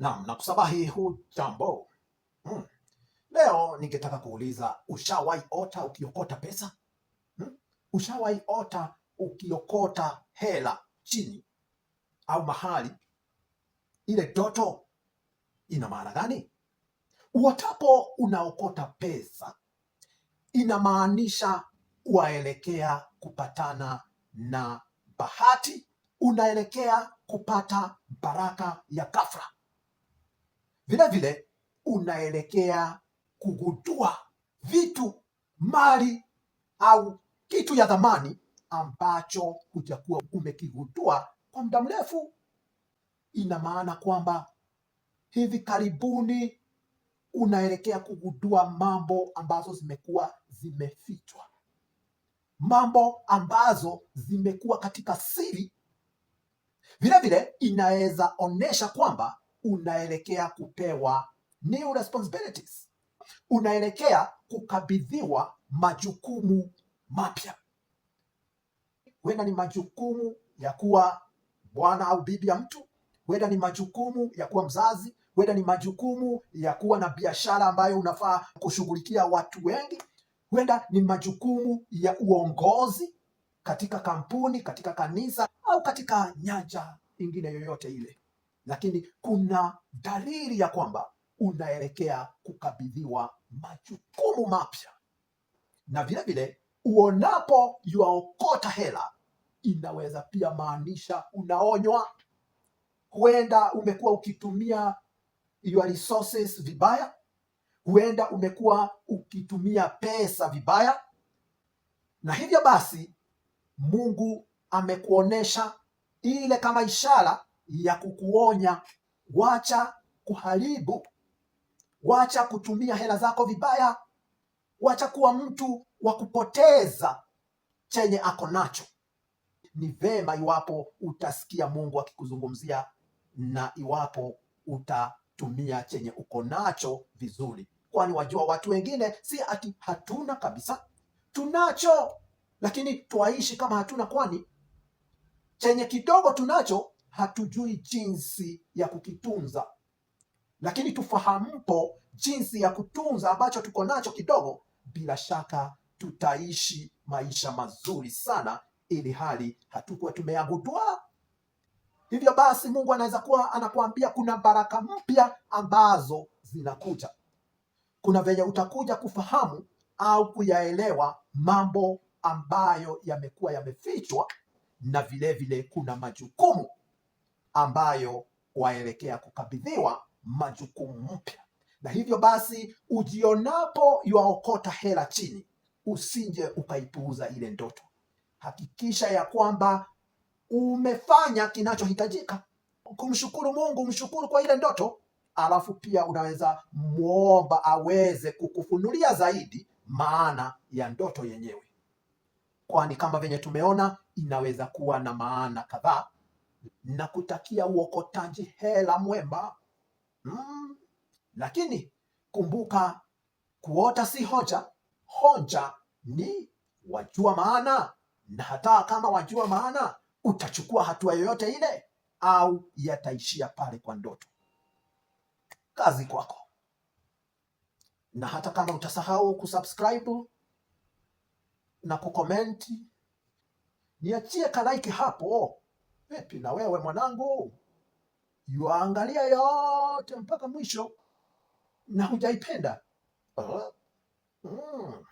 Naam, na kusabahi hujambo. Hmm. Leo ningetaka kuuliza ushawahi ota ukiokota pesa? Hmm? Ushawahi ota ukiokota hela chini au mahali? Ile doto ina maana gani? Uotapo unaokota pesa inamaanisha waelekea kupatana na bahati, unaelekea kupata baraka ya ghafla vile vile unaelekea kugundua vitu, mali au kitu ya thamani ambacho hujakuwa umekigundua kwa muda mrefu. Ina maana kwamba hivi karibuni unaelekea kugundua mambo ambazo zimekuwa zimefichwa, mambo ambazo zimekuwa katika siri. Vilevile inaweza onyesha kwamba unaelekea kupewa new responsibilities, unaelekea kukabidhiwa majukumu mapya. Huenda ni majukumu ya kuwa bwana au bibi ya mtu, huenda ni majukumu ya kuwa mzazi, huenda ni majukumu ya kuwa na biashara ambayo unafaa kushughulikia watu wengi, huenda ni majukumu ya uongozi katika kampuni, katika kanisa au katika nyanja ingine yoyote ile lakini kuna dalili ya kwamba unaelekea kukabidhiwa majukumu mapya. Na vilevile, uonapo yuaokota hela inaweza pia maanisha unaonywa. Huenda umekuwa ukitumia your resources vibaya, huenda umekuwa ukitumia pesa vibaya, na hivyo basi Mungu amekuonesha ile kama ishara ya kukuonya, wacha kuharibu, wacha kutumia hela zako vibaya, wacha kuwa mtu wa kupoteza chenye ako nacho. Ni vema iwapo utasikia Mungu akikuzungumzia na iwapo utatumia chenye uko nacho vizuri, kwani wajua watu wengine si ati hatuna kabisa, tunacho, lakini twaishi kama hatuna, kwani chenye kidogo tunacho hatujui jinsi ya kukitunza, lakini tufahamupo jinsi ya kutunza ambacho tuko nacho kidogo, bila shaka tutaishi maisha mazuri sana, ili hali hatukuwa tumeagudwa. Hivyo basi, Mungu anaweza kuwa anakuambia kuna baraka mpya ambazo zinakuja, kuna venye utakuja kufahamu au kuyaelewa mambo ambayo yamekuwa yamefichwa, na vilevile vile kuna majukumu ambayo waelekea kukabidhiwa majukumu mpya. Na hivyo basi, ujionapo yuaokota hela chini, usije ukaipuuza ile ndoto. Hakikisha ya kwamba umefanya kinachohitajika. Kumshukuru Mungu, mshukuru kwa ile ndoto, alafu pia unaweza muomba aweze kukufunulia zaidi maana ya ndoto yenyewe, kwani kama venye tumeona inaweza kuwa na maana kadhaa na kutakia uokotaji hela mwemba mm. Lakini kumbuka kuota si hoja, hoja ni wajua maana, na hata kama wajua maana utachukua hatua yoyote ile, au yataishia pale kwa ndoto. Kazi kwako, na hata kama utasahau kusubscribe na kukomenti, niachie kalaiki hapo pepi. Na wewe mwanangu, yuangalia yote mpaka mwisho na hujaipenda. uh mm.